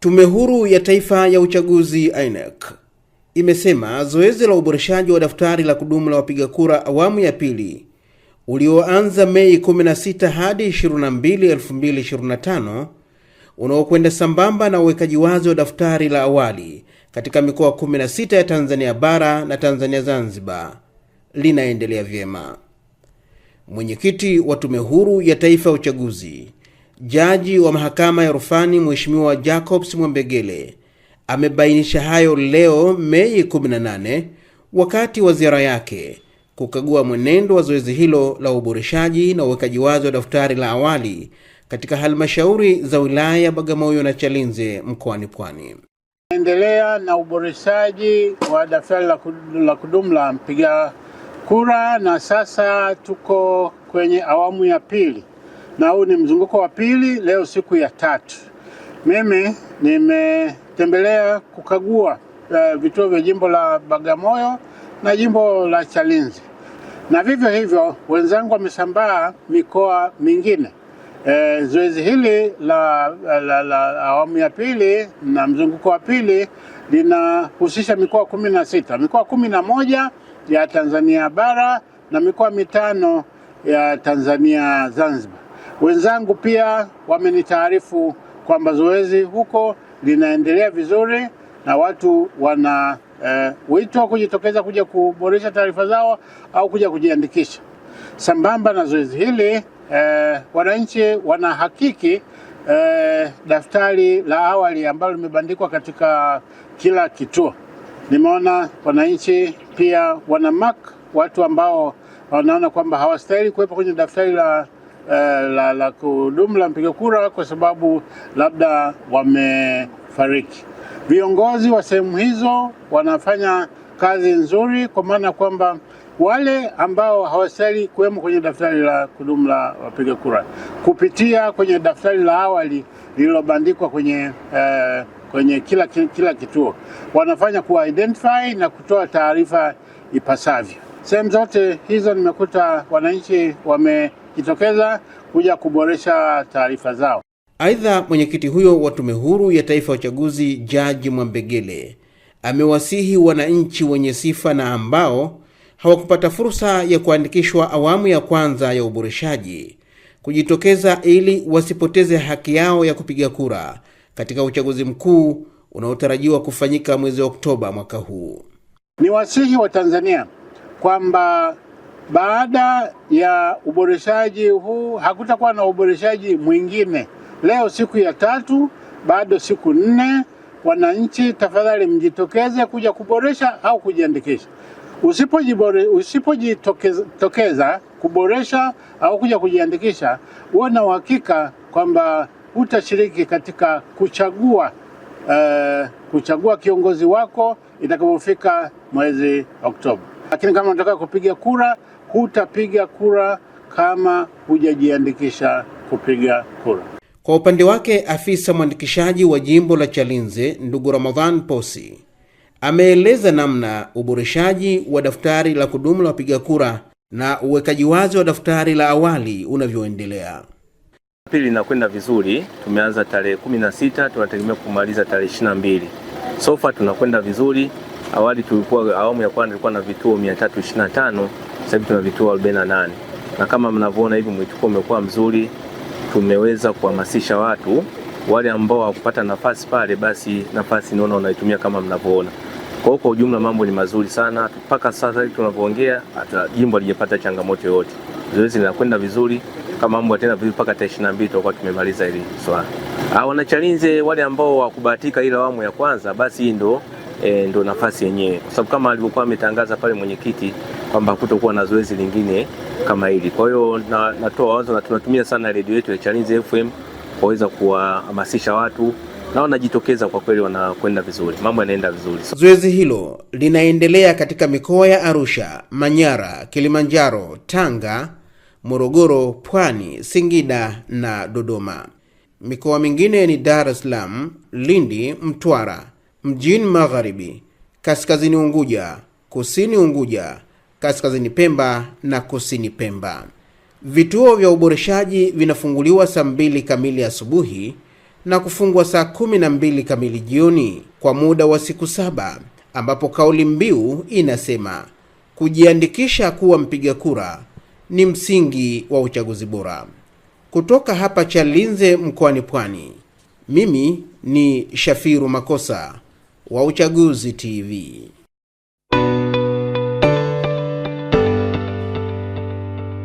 Tume Huru ya Taifa ya Uchaguzi INEC imesema zoezi la uboreshaji wa daftari la kudumu la wapiga kura awamu ya pili ulioanza Mei 16 hadi 22, 2025 unaokwenda sambamba na uwekaji wazi wa daftari la awali katika mikoa 16 ya Tanzania bara na Tanzania Zanzibar linaendelea vyema. Mwenyekiti wa Tume Huru ya Taifa ya Uchaguzi Jaji wa mahakama ya rufani Mheshimiwa Jacobs Mwambegele amebainisha hayo leo Mei 18 wakati wa ziara yake kukagua mwenendo wa zoezi hilo la uboreshaji na uwekaji wazi wa daftari la awali katika halmashauri za wilaya ya Bagamoyo na Chalinze mkoani Pwani. Endelea na uboreshaji wa daftari la kudumu la mpiga kura, na sasa tuko kwenye awamu ya pili na huu ni mzunguko wa pili, leo siku ya tatu. Mimi nimetembelea kukagua uh, vituo vya jimbo la Bagamoyo na jimbo la Chalinze, na vivyo hivyo wenzangu wamesambaa mikoa mingine. E, zoezi hili la, la, la, la awamu ya pili na mzunguko wa pili linahusisha mikoa kumi na sita mikoa kumi na moja ya Tanzania bara na mikoa mitano ya Tanzania Zanzibar. Wenzangu pia wamenitaarifu kwamba zoezi huko linaendelea vizuri na watu wana eh, wito wa kujitokeza kuja kuboresha taarifa zao au kuja kujiandikisha. Sambamba na zoezi hili eh, wananchi wanahakiki eh, daftari la awali ambalo limebandikwa katika kila kituo. Nimeona wananchi pia wana mark watu ambao wanaona kwamba hawastahili kuwepo kwenye daftari la eh, la, la kudumu la mpiga kura kwa sababu labda wamefariki. Viongozi wa sehemu hizo wanafanya kazi nzuri, kwa maana kwamba wale ambao hawastahili kuwemo kwenye daftari la kudumu la wapiga kura kupitia kwenye daftari la awali lililobandikwa kwenye eh, kwenye kila, kila kituo wanafanya kuwa identify na kutoa taarifa ipasavyo. Sehemu zote hizo nimekuta wananchi wame kujitokeza kuja kuboresha taarifa zao. Aidha, mwenyekiti huyo wa Tume Huru ya Taifa ya Uchaguzi Jaji Mwambegele amewasihi wananchi wenye sifa na ambao hawakupata fursa ya kuandikishwa awamu ya kwanza ya uboreshaji kujitokeza ili wasipoteze haki yao ya kupiga kura katika uchaguzi mkuu unaotarajiwa kufanyika mwezi Oktoba mwaka huu. Ni wasihi wa Tanzania kwamba baada ya uboreshaji huu hakutakuwa na uboreshaji mwingine. Leo siku ya tatu, bado siku nne. Wananchi tafadhali, mjitokeze kuja kuboresha au kujiandikisha. Usipojitokeza kuboresha au kuja kujiandikisha, uwe na uhakika kwamba utashiriki katika kuchagua uh, kuchagua kiongozi wako itakapofika mwezi Oktoba lakini kama unataka kupiga kura, hutapiga kura kama hujajiandikisha kupiga kura. Kwa upande wake, afisa mwandikishaji wa jimbo la Chalinze ndugu Ramadhan Posi ameeleza namna uboreshaji wa daftari la kudumu la wapiga kura na uwekaji wazi wa daftari la awali unavyoendelea. Pili inakwenda vizuri, tumeanza tarehe sita, tunategemea kumaliza tarehe na mbili. Sofa tunakwenda vizuri awali tulikuwa awamu ya kwanza ilikuwa na vituo 325, sasa hivi tuna vituo 48, na kama mnavyoona hivi mwitikio umekuwa mzuri. Tumeweza kuhamasisha watu wale ambao hawakupata nafasi pale, basi nafasi naona wanaitumia kama mnavyoona. Kwa hiyo kwa ujumla mambo ni mazuri sana mpaka sasa hivi tunavyoongea, hata jimbo halijapata changamoto yoyote, zoezi linakwenda vizuri kama mambo tena vizuri mpaka tarehe 22 tutakuwa tumemaliza hili swala. Ah, wanachalinze wale ambao wakubahatika ile awamu ya kwanza, basi hii ndio e, ndo nafasi yenyewe, kwa sababu kama alivyokuwa ametangaza pale mwenyekiti kwamba kutokuwa na zoezi lingine kama hili. Kwa hiyo na, natoa wazo na tunatumia sana redio yetu ya Chalinze FM kuweza kuwahamasisha watu na wanajitokeza kwa kweli, wanakwenda vizuri, mambo yanaenda vizuri. Zoezi hilo linaendelea katika mikoa ya Arusha, Manyara, Kilimanjaro, Tanga, Morogoro, Pwani, Singida na Dodoma. Mikoa mingine ni Dar es Salaam, Lindi, Mtwara, mjini Magharibi, kaskazini Unguja, kusini Unguja, kaskazini Pemba na kusini Pemba. Vituo vya uboreshaji vinafunguliwa saa mbili kamili asubuhi na kufungwa saa kumi na mbili kamili jioni kwa muda wa siku saba, ambapo kauli mbiu inasema kujiandikisha kuwa mpiga kura ni msingi wa uchaguzi bora. Kutoka hapa Chalinze mkoani Pwani, mimi ni Shafiru Makosa wa Uchaguzi TV.